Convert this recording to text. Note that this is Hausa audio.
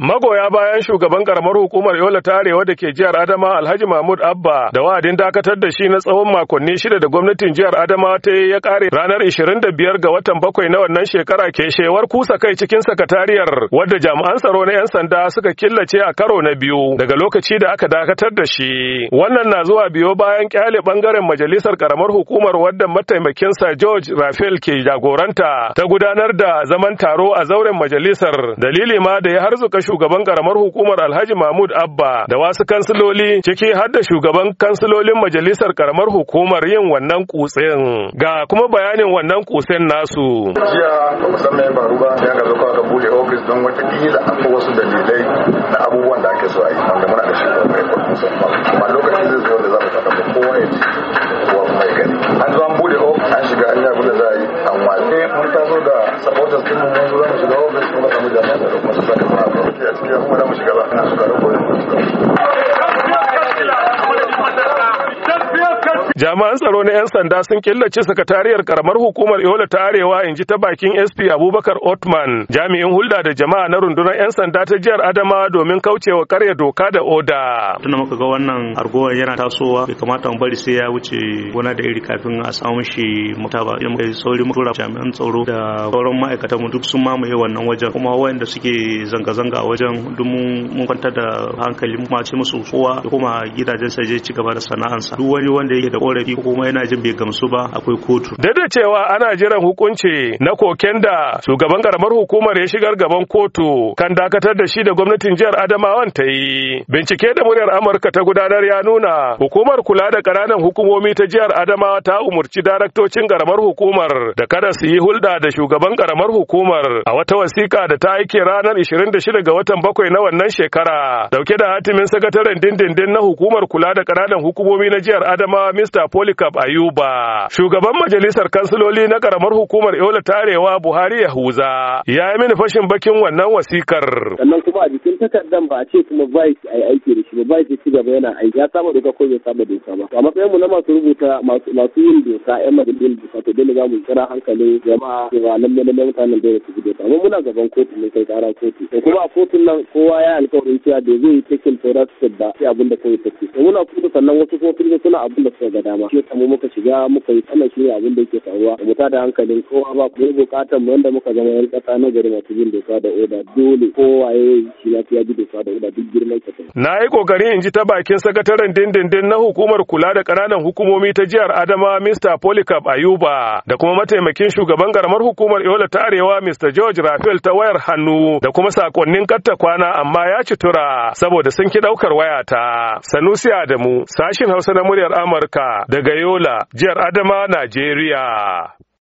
Magoya bayan shugaban karamar hukumar Yola ta Arewa da ke jihar Adama Alhaji Mahmud Abba da wa'adin dakatar da shi na tsawon makonni shida da gwamnatin jihar Adama ta yi ya kare ranar biyar ga watan bakwai na wannan shekara ke shewar kusa kai cikin sakatariyar wadda jami'an tsaro na 'yan sanda suka killace a karo na biyu daga lokaci da aka dakatar da shi. Wannan na zuwa biyo bayan kyale bangaren majalisar karamar hukumar wadda mataimakinsa George Rafael ke jagoranta ta gudanar da zaman taro a zauren majalisar dalili ma da ya harzuka shugaban karamar hukumar Alhaji Mahmud Abba da wasu kansiloli ciki har da shugaban kansilolin majalisar karamar hukumar yin wannan kutsen ga kuma bayanin wannan kutsen nasu. Jiya ba san me ya faru ba ya ga zuwa ga bude ofis don wata kila akwai wasu dalilai na abubuwan da ake so a yi wanda muna da shi kuma lokacin zai zo da za mu faɗa kowa ya ji kowa kuma ya gani. An zo an bude ofis an shiga an yi abin da za a yi an watse mun taso da supporters ɗin mun zo za mu shiga ofis kuma samu jami'an da kuma su la música baja jami'an tsaro na 'yan sanda sun killace sakatariyar karamar hukumar yola ta arewa in ji ta bakin sp abubakar otman jami'in hulɗa da jama'a na rundunar 'yan sanda ta jihar adama domin kaucewa karya doka da oda tunda muka ga wannan argowar yana tasowa bai kamata mu bari sai ya wuce gona da iri kafin a samu shi mata ba in kai sauri mu jami'an tsaro da sauran ma'aikatan mu duk sun mamaye wannan wajen kuma da suke zanga-zanga a wajen duk mun kwantar da hankali mu ce musu kowa da kuma gidajen sai ci gaba da sana'ansa duk wani wanda yake da korafi ko kuma yana jin bai gamsu ba akwai kotu da da cewa ana jiran hukunci na koken da shugaban karamar hukumar ya shigar gaban kotu kan dakatar da shi da gwamnatin jihar Adamawan ta yi bincike da muryar Amurka ta gudanar ya nuna hukumar kula da ƙananan hukumomi ta jihar Adamawa ta umurci daraktocin karamar hukumar da kada su yi hulɗa da shugaban karamar hukumar a wata wasiƙa da ta aike ranar 26 ga watan bakwai na wannan shekara dauke da hatimin sakataren dindindin na hukumar kula da ƙananan hukumomi na jihar Adamawa Mr. sanata Polycarp Ayuba. Shugaban majalisar kansiloli na karamar hukumar Eola Tarewa Buhari ya huza. ya yi mini fashin bakin wannan wasikar. Sannan kuma a jikin takardan ba a ce kuma vice a yi aiki da shi ba vice ci gaba yana aiki ya saba doka ko bai saba doka ba. A matsayin mu na masu rubuta masu yin doka yan majalisar doka to dole za mu kira hankalin jama'a cewa lalle lalle mutanen dole su doka. Amma muna gaban kotu ne kai kara kotu. To kuma a kotun nan kowa ya alkawarin cewa da zai yi cikin tsoron su da abin da kawai take. To muna kuma sannan wasu kuma suna abin da suka gada. dama shi mu muka shiga muka yi tana shirya abin da yake faruwa mu da hankalin kowa ba mu bukatar mu wanda muka zama yan kasa na gari masu bin doka da oda dole kowa ya shi lafiya bi doka da oda duk girman ka na yi kokari in ji ta bakin sakataren dindindin na hukumar kula da kananan hukumomi ta jihar Adama Mr. Polycarp Ayuba da kuma mataimakin shugaban garamar hukumar Yola ta Arewa Mr. George Rafael ta wayar hannu da kuma sakonnin katta kwana amma ya ci tura saboda sun ki daukar wayata. Sanusi Adamu sashin Hausa na muryar Amurka daga Yola, jihar Adama, Najeriya.